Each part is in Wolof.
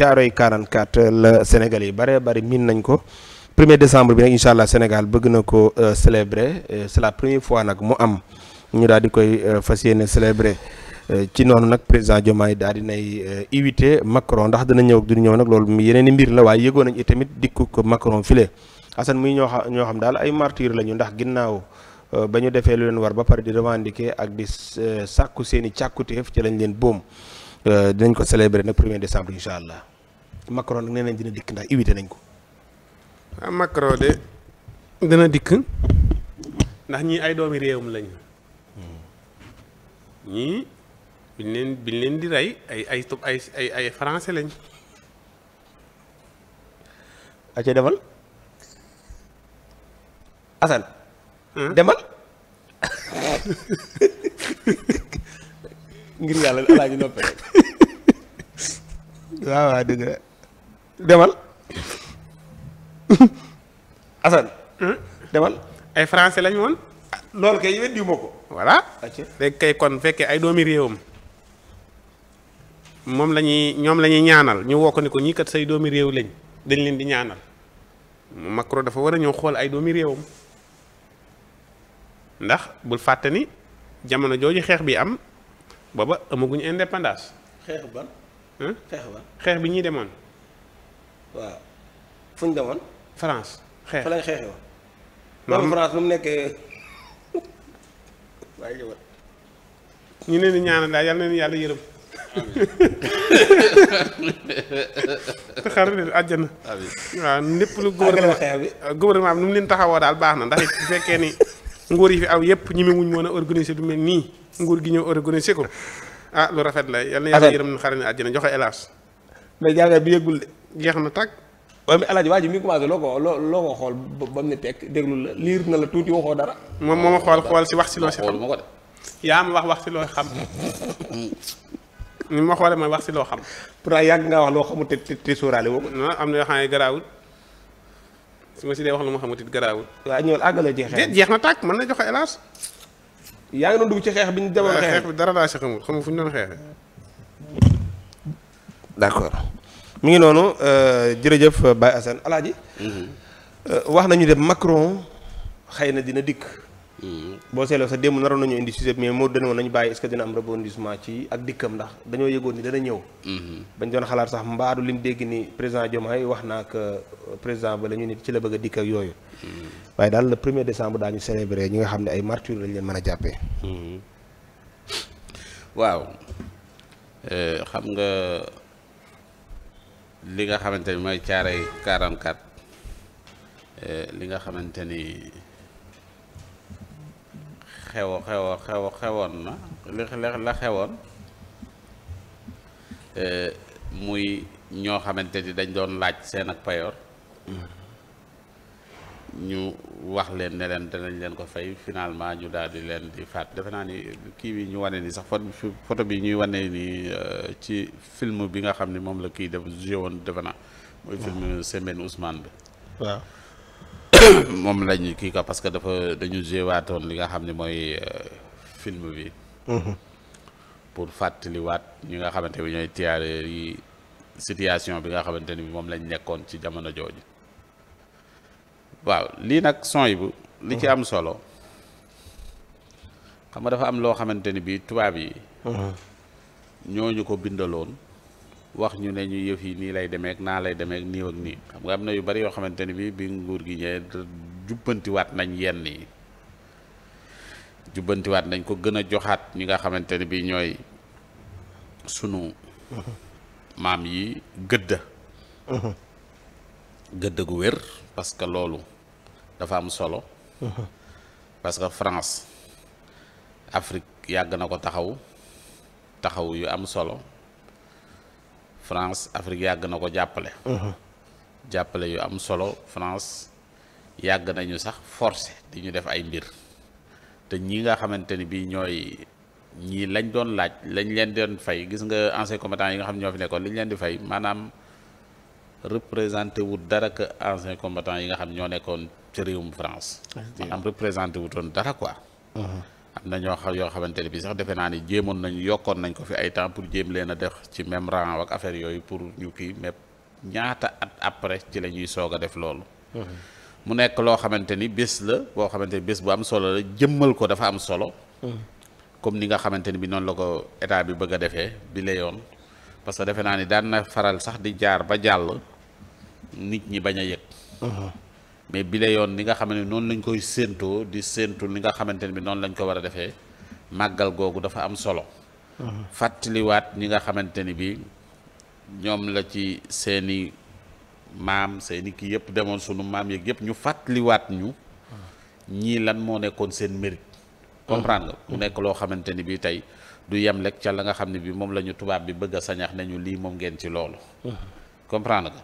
Caaroy 44 euh, la Sénégal yi bare bari miin nañ ko 1er décembre bi nag incha allah Sénégal bëgg na ko euh, célébrer euh, c'est la première fois nag mu am ñu daal di koy fas yéene célébrer ci noonu nag président Diomaye daal di nay invité Macron ndax dina ñëw ak du ñëw nag loolu yeneen i mbir la waaye yëgoon nañ itamit dikku ko Macron file Assane muy ñoo xam ñoo xam daal ay martyr lañu ndax ginnaaw. ba ñu defee lu leen war ba pare di revendiquer ak di sàkku seen i càkkutéef ci lañ leen boom dinañ ko célébrer nag premier décembre incha allah. Macron nag nee nañ dina dikk ndax évité nañ ko. waaw ah, Macron de dina dikk ndax ñii ay doomi réewam lañu. Hmm. ñii biñ leen biñ leen di rey ay ay ay ay ay lañ. a ca demal Assane. demal. ngir yàlla alaaji noppe rek waaw waaw dëgg demal Assane. Hmm? demal ay français lañu woon. loolu kay weddi ko. voilà léegi kay kon fekkee ay doomi réewam moom la ñuy ñoom la ñuy ñaanal ñu woo ko ko ñii kat say doomi réew lañ dañ leen di ñaanal Macron dafa war a ñëw xool ay doomi réewam ndax bul fàtte ni jamono jooju xeex bi am booba amaguñ indépendance. xeex hmm? xeex bi ñuy demoon. waaw fu ñu demoon. France xeex fa lañ woon. maanaam France lu mu nekkee waaye jëwal. ñu ne ni ñaanal daal yal na ni yàlla yërëm. xar leen àjjana. waaw lépp lu gouvernement gouvernement bi nu mu leen taxawoo daal baax na ndax it fekkee ni nguur yi fi aw yépp ñi mu wuñ mën du mel nii nguur gi ñëw organiser ko ah lu rafet la yal na yàlla yërëm na xar leen àjjana joxe hélas. mais jàngat bi yëgul de. jeex na tàkk. waaye mais alaaji waa ji mi ngi commencé loo ko loo loo ko xool ba mu ne tekk déglu la liir na la tuuti waxoo dara. moom moo ma xool xool si wax si loo si xam yaa ma wax wax si loo xam. ni ma xoolee ma wax loo xam. pourtant yàgg ngaa wax loo xamul te te te sóoraale woo am na yoo xam ne su ma si dee wax lu ma xamul it garaawul. waaw ñëwal àggale jeexee. jeex na tàkk mën na joxe hélas. yaa ngi doon dugg ci xeex bi ñu demoon xeex bi dara laa si xamul xamul fu ñu doon xeexee. mi ngi noonu euh, jërëjëf euh, Baye Assane alaaji mhm. euh, wax nañu dem Macron xay na dina dikk. Mhm. boo seetloo sa démb naroon nañu indi sujet mais moo dana woon nañu bàyyi est-ce que dina am rebondissement ci ak dikkam ndax dañoo yëgoon ni dana ñëw. Mhm. bañ doon xalaat sax mbaadu lim dégg ni président yi wax na ak président ba la ñu nit ci la bëgg a dikk yooyu. waaye daal le premier décembre daañu célébrer ñi nga xam ne ay martyrs lañ leen mën a jàppee. waaw xam nga. li nga xamante ni mooy caaray 44 eh, li nga xamante ni xew xew xewoon na li la xewoon eh, muy ñoo xamante ni dañ doon laaj seen ak payoor mm. ñu wax leen ne leen danañ leen ko fay finalement ñu daal di leen di faat defe naa ni kii bi ñu wane nii sax photo bi ñuy wane ni euh, ci film bi nga xam ni moom la kii def joué woon defe naa mooy film Sembène Ousmane bi lañ kii ko parce que dafa dañu joué waatoon li nga xam ne mooy euh, film bi mhm. pour waat ñi nga xamante bi ñooy tiyaare situation bi nga xamante ni bi moom lañ nekkoon ci jamono jooju waaw lii nag son bu li ci mhm. am solo xam nga dafa am loo xamante ni bii tubaab yi mhm. ñooñu ko bindaloon wax ñu ne ñu yëf yi nii lay demee ak naa lay demee ak nii ak nii xam nga am na yu bari yoo xamante ni bii bi nguur gi ñëwee jubbantiwaat nañ yenn yi jubbantiwaat nañ ko gën a joxaat ñi nga xamante ni bii ñooy sunu mhm. maam yi gëdd gëdd gu wér parce que loolu dafa am solo. parce que France Afrique yàgg na ko taxaw taxaw yu am solo France Afrique yàgg na ko jàppale. jàppale yu am solo France yàgg nañu sax forcé di ñu def ay mbir te ñi nga xamante ni bii ñooy ñii lañ doon laaj lañ leen doon fay gis nga anciens combattants yi nga xam ñoo fi nekkoon liñ leen di fay maanaam. représenté wu dara que ancien combattant yi nga xam ñoo nekkoon ci réewum France. am représenté wutoon dara quoi. Uh-huh. am na ñoo xam yoo xamante ne bii sax defe naa ni jéemoon nañu yokkoon nañ ko fi ay temps pour jéem leen a def ci même rang ak affaire yooyu pour ñu kii mais ñaata at après ci la ñuy soog a def loolu. Uh-huh. mu nekk loo xamante ni bés la boo xamante ni bés bu am solo la jëmmal ko dafa am solo. Uh-huh. comme ni nga xamante ni bi noonu la ko état bi bëgg a defee bi la yoon que defe naa ni daan na faral sax di jaar ba jàll. nit ñi bañ a yëg uh-huh. mais bi la yoon li nga xam ne noonu lañ koy séentoo di séentu li nga xamante ne bi noonu lañ ko war a defee màggal googu dafa am solo uh-huh. fàttaliwaat ñi nga xamante ni bi ñoom la ci seeni maam seeni kii yëpp demoon sunu maam yeeg yëpp ñu fàttaliwaat ñu uh-huh. ñii lan moo nekkoon seen mérite comprend mu nekk loo xamante ni bi tey du yem lekk ca la nga xam ne bi moom lañu tubaab bi bëgg a sañax nañu lii moom ngeen ci loolu comprendre nga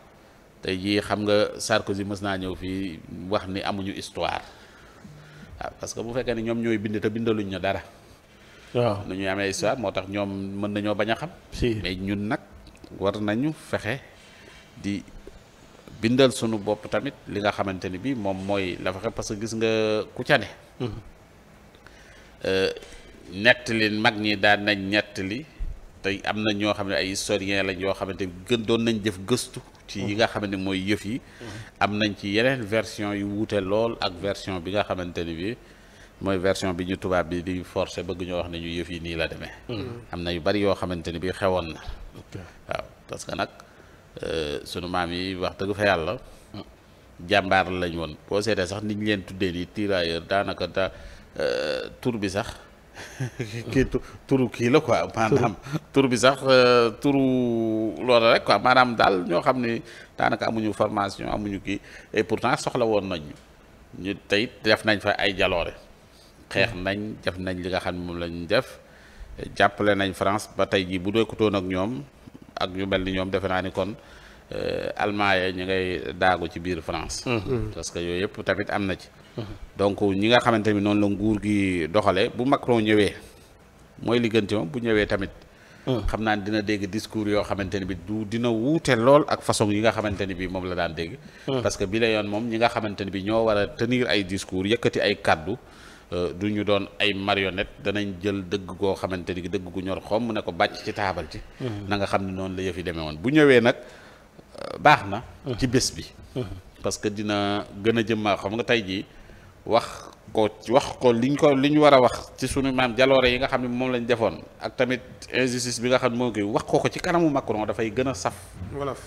tey jii xam nga Sarkozy mës naa ñëw fii wax ni amuñu histoire waaw parce que bu fekkee ne ñoom ñooy bind te bindaluñ ñu dara. waaw nu ñuy amee histoire moo tax ñoom mën nañoo bañ a xam. si mais ñun nag war nañu fexe di bindal sunu bopp tamit li nga xamante ni bii moom mooy la fexe parce que gis nga ku ca ne. Mm-hmm. Euh, nettali mag ñi daan nañ nettali. tey am na ñoo xam ne ay historien lañ yoo xamante gën doon nañ def gëstu ci yi nga xamante mooy yëf yi am nañ ci yeneen version yu wuute lool ak version bi nga xamante ni bi mooy version bi ñu tubaab bi di forcé bëgg ñoo wax ne ñu yëf yi nii la demee mm-hmm. am na yu bari yoo xamante ne bi xewoon na waaw parce que nag euh, sunu maam yi wax dëgg fa yàlla jàmbaar lañ woon boo seetee sax nit ñu leen tuddee nii tirailleur daanaka da euh, tur bi sax kii turu kii la quoi maanaam turu bi sax euh, turu loolu rek quoi maanaam daal ñoo xam ne daanaka amuñu formation amuñu kii et pourtant soxla woon nañ ñu tey def nañ fa ay jaloore xeex hmm. nañ def nañ li nga xam ne moom lañ def jàppale nañ France ba tey jii bu nekkutoon ak ñoom ak ñu mel ni ñoom defe naa ni kon euh, almaañ ñu ngay daagu ci biir France hmm. parce que yooyu yëpp tamit am na ci donc ñi nga xamante ni noonu la nguur gi doxalee bu Macron ñëwee mooy li gën moom bu ñëwee tamit. Hmm. xam naa dina dégg discours yoo xamante ni bi du dina wuute lool ak façon yi nga xamante ni bi moom la daan dégg. Hmm. parce que bi la yoon moom ñi nga xamante ni bi ñoo war a tenir ay discours yëkkati ay kàddu. Euh, du ñu doon ay marionnette danañ jël dëgg goo xamante ni dëgg gu ñor xom mu ne ko bàcc ci taabal ci mm xam ne noonu la yëf yi demee woon bu ñëwee nag euh, baax na hmm. ci bés bi que dina gën a jëmmaa xam nga tey jii wax ko wax ko liñ ko li ñu war a wax ci suñu maam jaloore yi nga xam ne moom lañ defoon ak tamit injustice bi nga xam ne moo ngi wax ko ko ci kanamu Macron dafay gën a saf. wolof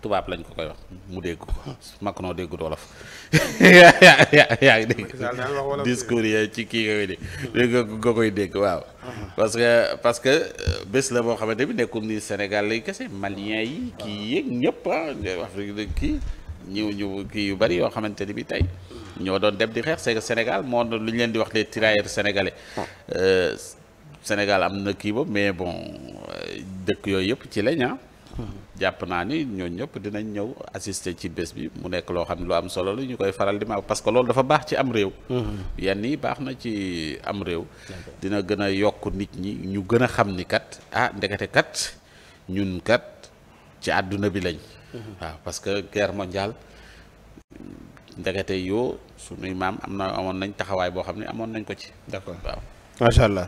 tubaab lañ ko koy wax mu dégg ko Macron dégg wolof yaa yaa yaa ci kii nga dégg nga koy dégg waaw. Uh-huh. parce que parce que euh, bés la boo xamante bi nekkul ni Sénégal lay kese malien yi kii yeeg ñëpp ah Afrique kii ñëw ñëw kii yu bari yoo xamante ni bi tey. ñoo doon dem di xeex c'est que moo doon lu ñu leen di wax les tirailleurs sénégalais ah. euh, senegal am na kii ba mais bon euh, dëkk yooyu yëpp ci lañ ah. jàpp naa ni ñooñu ñëpp dinañ ñëw assister ci bés bi mu nekk loo xam ne lu am solo la ñu koy faral di ma parce que loolu dafa baax ci am réew. Mm-hmm. yenn yi baax na ci am réew. dina gën a yokk nit ñi ñu gën a xam ni kat ah ndekete kat ñun kat ci àdduna bi lañ. Mm-hmm. waaw parce que guerre mondiale. ndekete yoo sunuy maam am na amoon nañ taxawaay boo xam ne amoon nañ ko ci. d'accord waaw macha allah.